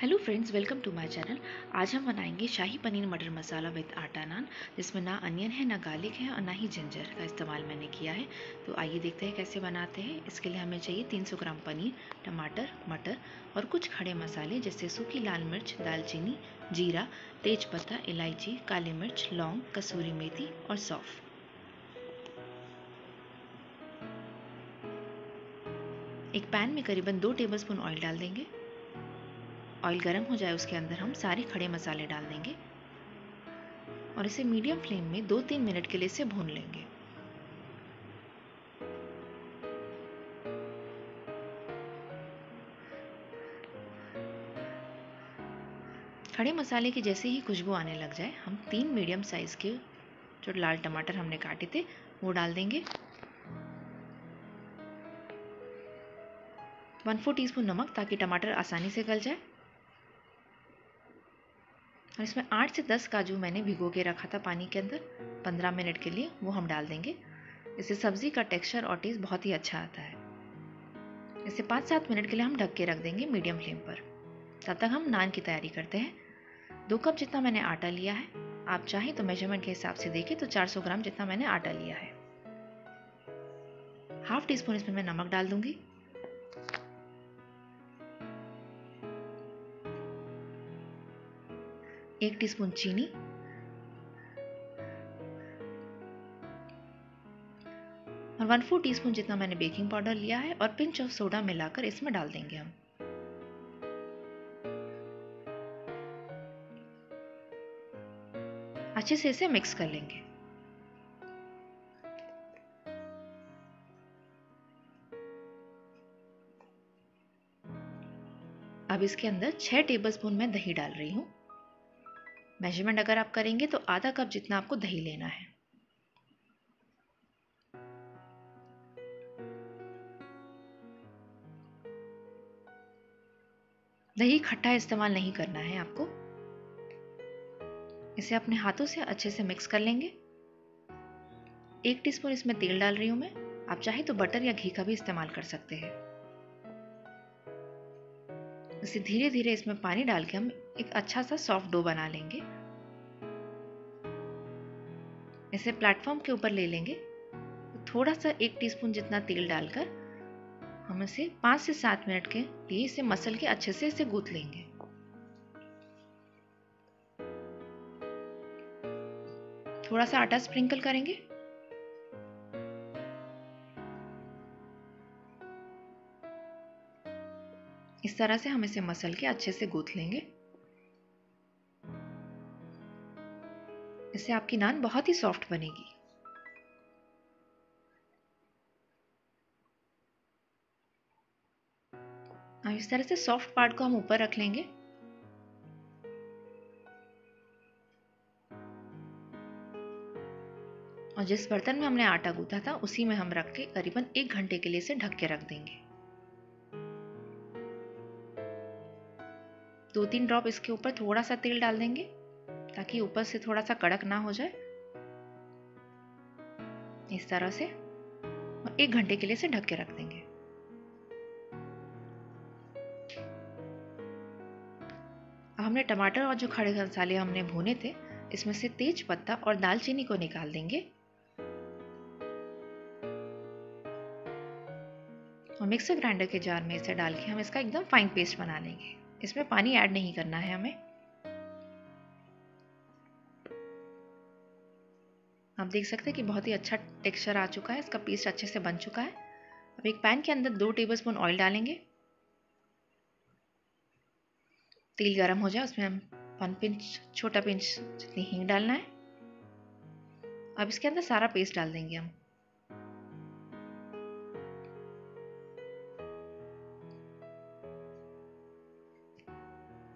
hello friends welcome to my channel आज हम बनाएंगे शाही पनीर मटर मसाला विद आटा नान जिसमें ना अनियन है ना गार्लिक है और ना ही जिंजर का इस्तेमाल मैंने किया है तो आइए देखते हैं कैसे बनाते हैं इसके लिए हमें चाहिए 300 ग्राम पनीर टमाटर मटर और कुछ खड़े मसाले जैसे सूखी लाल मिर्च दालचीनी जीरा तेज इलायची काली मिर्च लौंग कसूरी मेथी और सौफ़ एक पैन में करीबन दो टेबल ऑयल डाल देंगे ऑयल गर्म हो जाए उसके अंदर हम सारे खड़े मसाले डाल देंगे और इसे मीडियम फ्लेम में दो तीन मिनट के लिए इसे भून लेंगे खड़े मसाले की जैसे ही खुशबू आने लग जाए हम तीन मीडियम साइज़ के जो लाल टमाटर हमने काटे थे वो डाल देंगे वन फोर टीस्पून नमक ताकि टमाटर आसानी से गल जाए और इसमें आठ से दस काजू मैंने भिगो के रखा था पानी के अंदर पंद्रह मिनट के लिए वो हम डाल देंगे इससे सब्ज़ी का टेक्सचर और टेस्ट बहुत ही अच्छा आता है इसे पाँच सात मिनट के लिए हम ढक के रख देंगे मीडियम फ्लेम पर तब तक हम नान की तैयारी करते हैं दो कप जितना मैंने आटा लिया है आप चाहें तो मेजरमेंट के हिसाब से देखें तो 400 ग्राम जितना मैंने आटा लिया है हाफ टी स्पून इसमें मैं नमक डाल दूंगी एक टीस्पून चीनी और वन फोर टीस्पून जितना मैंने बेकिंग पाउडर लिया है और पिंच ऑफ सोडा मिलाकर इसमें डाल देंगे हम अच्छे से इसे मिक्स कर लेंगे अब इसके अंदर छह टेबलस्पून मैं दही डाल रही हूँ मेजरमेंट अगर आप करेंगे तो आधा कप जितना आपको दही लेना है दही खट्टा इस्तेमाल नहीं करना है आपको इसे अपने हाथों से अच्छे से मिक्स कर लेंगे एक टीस्पून इसमें तेल डाल रही हूं मैं आप चाहे तो बटर या घी का भी इस्तेमाल कर सकते हैं उसे धीरे धीरे इसमें पानी डाल के हम एक अच्छा सा सॉफ्ट डो बना लेंगे इसे प्लेटफॉर्म के ऊपर ले लेंगे थोड़ा सा एक टीस्पून जितना तेल डालकर हम इसे पाँच से सात मिनट के लिए इसे मसल के अच्छे से इसे गूथ लेंगे थोड़ा सा आटा स्प्रिंकल करेंगे इस तरह से हम इसे मसल के अच्छे से गूथ लेंगे इससे आपकी नान बहुत ही सॉफ्ट बनेगी अब इस तरह से सॉफ्ट पार्ट को हम ऊपर रख लेंगे और जिस बर्तन में हमने आटा गूथा था उसी में हम रख के करीबन एक घंटे के लिए इसे ढक के रख देंगे दो तीन ड्रॉप इसके ऊपर थोड़ा सा तेल डाल देंगे ताकि ऊपर से थोड़ा सा कड़क ना हो जाए इस तरह से और एक घंटे के लिए इसे ढक के रख देंगे अब हमने टमाटर और जो खड़े मसाले हमने भुने थे इसमें से तेज पत्ता और दालचीनी को निकाल देंगे और मिक्सर ग्राइंडर के जार में इसे डाल के हम इसका एकदम फाइन पेस्ट बना लेंगे इसमें पानी ऐड नहीं करना है हमें आप देख सकते हैं कि बहुत ही अच्छा टेक्सचर आ चुका है इसका पेस्ट अच्छे से बन चुका है अब एक पैन के अंदर दो टेबलस्पून ऑयल डालेंगे तेल गर्म हो जाए उसमें हम वन पिंच छोटा पिंच जितनी हींग डालना है अब इसके अंदर सारा पेस्ट डाल देंगे हम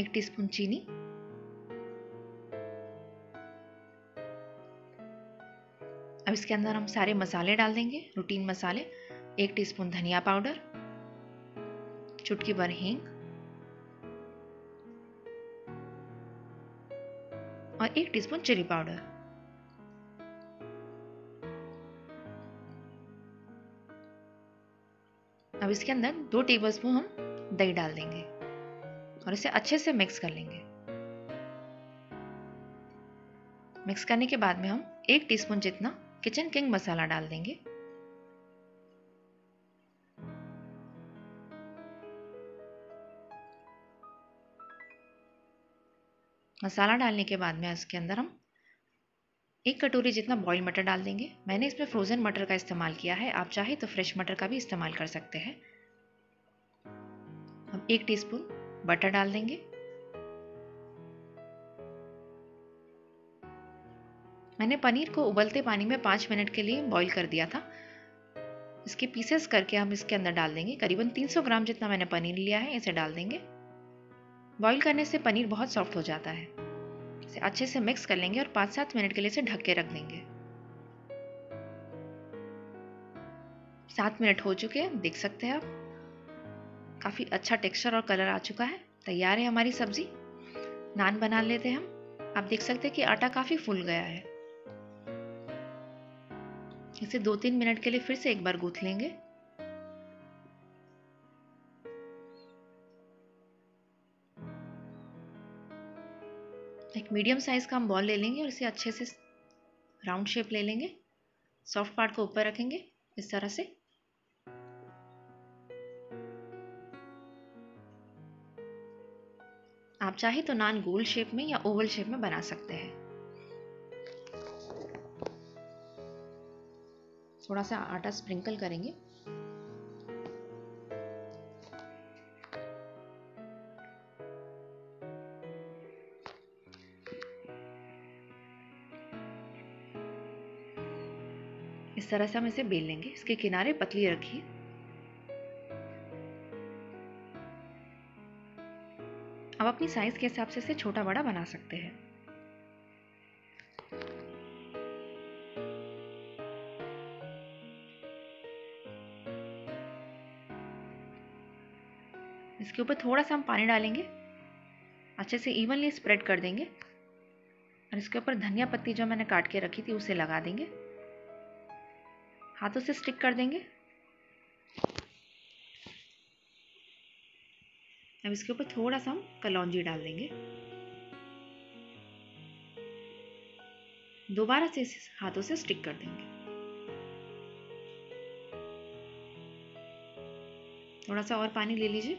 एक टीस्पून चीनी अब इसके अंदर हम सारे मसाले डाल देंगे रूटीन मसाले एक टीस्पून धनिया पाउडर चुटकी भर हींग और एक टीस्पून चिली पाउडर अब इसके अंदर दो टेबलस्पून हम दही डाल देंगे और इसे अच्छे से मिक्स कर लेंगे मिक्स करने के बाद में हम एक टीस्पून जितना किचन किंग मसाला डाल देंगे मसाला डालने के बाद में इसके अंदर हम एक कटोरी जितना बॉयल मटर डाल देंगे मैंने इसमें फ्रोज़न मटर का इस्तेमाल किया है आप चाहे तो फ्रेश मटर का भी इस्तेमाल कर सकते हैं हम एक टीस्पून बटर डाल देंगे मैंने पनीर को उबलते पानी में पाँच मिनट के लिए बॉईल कर दिया था इसके पीसेस करके हम इसके अंदर डाल देंगे करीबन 300 ग्राम जितना मैंने पनीर लिया है इसे डाल देंगे बॉईल करने से पनीर बहुत सॉफ्ट हो जाता है इसे अच्छे से मिक्स कर लेंगे और पाँच सात मिनट के लिए इसे ढक के रख देंगे सात मिनट हो चुके हैं देख सकते हैं आप काफ़ी अच्छा टेक्सचर और कलर आ चुका है तैयार है हमारी सब्जी नान बना लेते हैं हम आप देख सकते हैं कि आटा काफ़ी फूल गया है इसे दो तीन मिनट के लिए फिर से एक बार गूथ लेंगे एक मीडियम साइज का हम बॉल ले लेंगे और इसे अच्छे से राउंड शेप ले लेंगे सॉफ्ट पार्ट को ऊपर रखेंगे इस तरह से आप चाहे तो नान गोल शेप में या ओवल शेप में बना सकते हैं थोड़ा सा आटा स्प्रिंकल करेंगे इस तरह से हम इसे बेल लेंगे इसके किनारे पतली रखिए आप अपनी साइज़ के हिसाब से इसे छोटा बड़ा बना सकते हैं इसके ऊपर थोड़ा सा हम पानी डालेंगे अच्छे से इवनली स्प्रेड कर देंगे और इसके ऊपर धनिया पत्ती जो मैंने काट के रखी थी उसे लगा देंगे हाथों से स्टिक कर देंगे अब इसके ऊपर थोड़ा सा हम कलौजी डाल देंगे दोबारा से इस हाथों से स्टिक कर देंगे थोड़ा सा और पानी ले लीजिए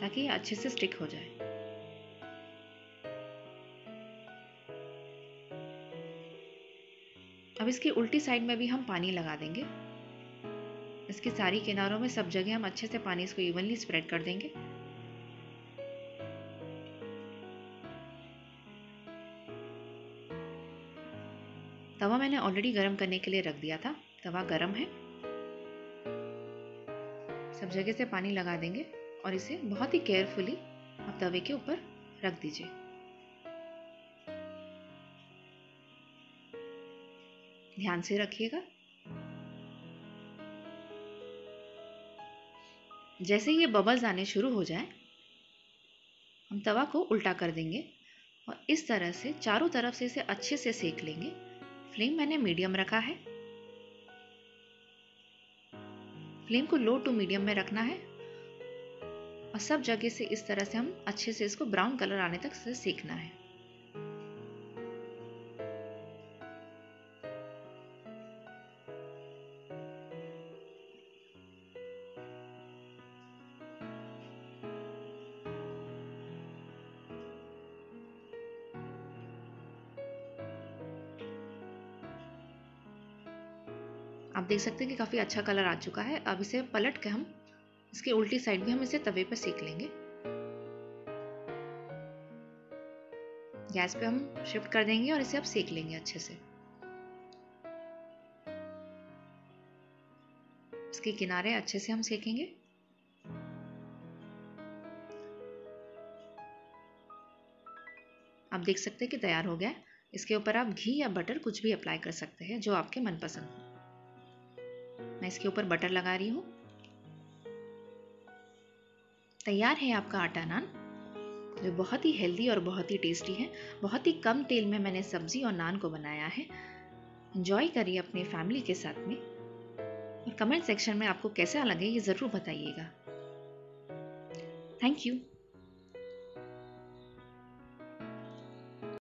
ताकि अच्छे से स्टिक हो जाए अब इसकी उल्टी साइड में भी हम पानी लगा देंगे इसके सारी किनारों में सब जगह हम अच्छे से पानी इसको इवनली स्प्रेड कर देंगे तवा मैंने ऑलरेडी गरम करने के लिए रख दिया था तवा गरम है सब जगह से पानी लगा देंगे और इसे बहुत ही केयरफुली आप तवे के ऊपर रख दीजिए ध्यान से रखिएगा जैसे ये बबल्स आने शुरू हो जाए हम तवा को उल्टा कर देंगे और इस तरह से चारों तरफ से इसे अच्छे से सेक लेंगे फ्लेम मैंने मीडियम रखा है फ्लेम को लो टू मीडियम में रखना है और सब जगह से इस तरह से हम अच्छे से इसको ब्राउन कलर आने तक से सेकना है आप देख सकते हैं कि काफ़ी अच्छा कलर आ चुका है अब इसे पलट के हम इसकी उल्टी साइड भी हम इसे तवे पर सेक लेंगे गैस पे हम शिफ्ट कर देंगे और इसे अब सेक लेंगे अच्छे से इसके किनारे अच्छे से हम सेकेंगे आप देख सकते हैं कि तैयार हो गया है इसके ऊपर आप घी या बटर कुछ भी अप्लाई कर सकते हैं जो आपके मनपसंद हो मैं इसके ऊपर बटर लगा रही हूँ तैयार है आपका आटा नान जो बहुत ही हेल्दी और बहुत ही टेस्टी है बहुत ही कम तेल में मैंने सब्जी और नान को बनाया है इन्जॉय करिए अपने फैमिली के साथ में और कमेंट सेक्शन में आपको कैसा लगे ये ज़रूर बताइएगा थैंक यू